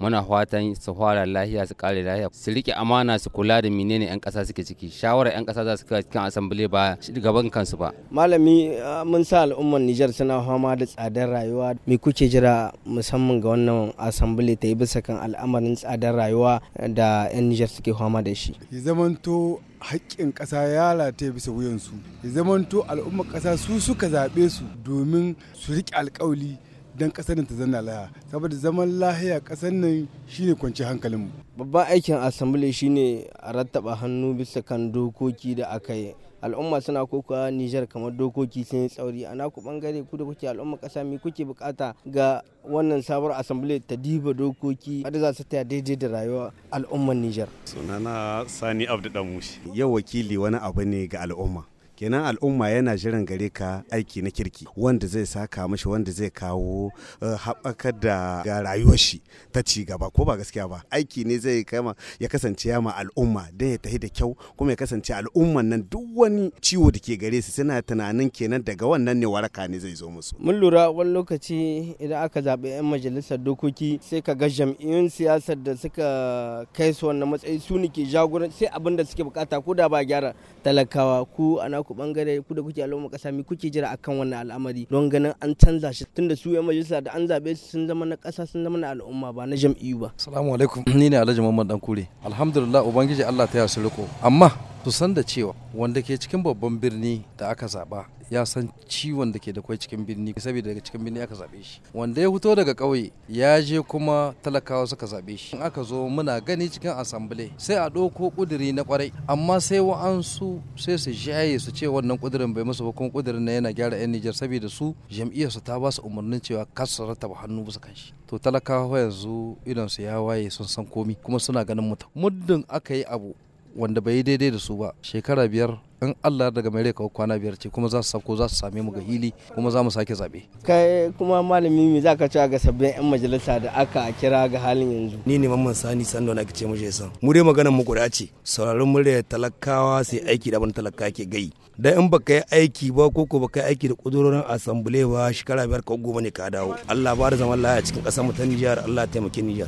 muna fatan su fara lahiya su kare lahiya su rike amana su kula da menene yan kasa suke ciki shawara yan kasa za su kai cikin asambile ba gaban kansu ba malami mun sa al'ummar Nijar suna fama da tsadar rayuwa me kuke jira musamman ga wannan asambili ta yi bisa kan al'amarin tsadar rayuwa da yan Nijar suke fama da shi ya zamanto haƙƙin ƙasa ya rataye bisa wuyansu ya zamanto al'ummar ƙasa su suka zaɓe su domin su riƙe alƙawli don ƙasar nan ta zanna laya saboda zaman lahiya ƙasar nan shine kwanci hankalin mu babban aikin assembly shine a rattaba hannu bisa kan dokoki da aka yi al'umma suna kokowa Nijar kamar dokoki sun yi tsauri a naku bangare ku da kuke al'umma kasa me kuke bukata ga wannan sabuwar assembly ta diba dokoki wadda za su taya daidai da rayuwa al'umman Nijar sunana Sani Abdu Damushi yau wakili wani abu ne ga al'umma kenan al'umma yana jiran gare ka aiki na kirki wanda zai saka mashi wanda zai kawo eh, haɓaka da ga rayuwar shi ta ci gaba ko ba gaskiya ba aiki ne zai kama ya kasance ya ma al'umma don ya tafi da kyau kuma ya kasance al'umman nan duk wani ciwo da ke gare su suna tunanin kenan daga wannan ne waraka ne zai zo musu mun lura wani lokaci idan aka zaɓi 'yan majalisar dokoki sai ka ga jam'iyyun siyasar da suka kai su wannan matsayi su ne ke jagoran sai abin da suke bukata ko da ba gyara talakawa ku ana ku bangare ku da kuke al'umma kasa mi kuke jira akan wannan al'amari don ganin an canza shi tunda su 'yan majalisa da an zaɓe su sun zama na ƙasa sun zama na al'umma ba na jam'iyyu ba Salamu alaikum ni ne alhaji muhammad dan alhamdulillah ubangiji Allah ta yasu riko amma su san da cewa wanda ke cikin babban birni da aka zaba ya san ciwon da ke da kwai cikin birni saboda daga cikin birni aka zabe shi wanda ya fito daga ƙauye ya je kuma talakawa suka zabe shi in aka zo muna gani cikin asambile sai a ɗauko ƙuduri na kwarai amma sai wa'ansu sai su jaye su ce wannan ƙudurin bai musu ba kuma ƙudurin na yana gyara 'yan Nijar saboda su jam'iyyar su ta ba su umarnin cewa kar su rattaba hannu bisa kan shi to talakawa yanzu idan su ya waye sun san komi kuma suna ganin mutum muddin aka yi abu wanda bai yi daidai da su ba shekara biyar in Allah daga mai kawo kwana biyar ce kuma za su sako za su same mu ga hili kuma za mu sake zabe kai kuma malami me ka ci ga sabbin yan majalisa da aka kira ga halin yanzu ni ne mamman sani sando na kace muje san mu dai maganar mu guda ce sauraron murya talakawa sai aiki da ban talaka ke gai dan in baka yi aiki ba ko ko baka yi aiki da kudurorin asambule ba shekara biyar ka goma ne ka dawo Allah ba da zaman lafiya cikin kasar mu ta Nijar Allah taimake Nijar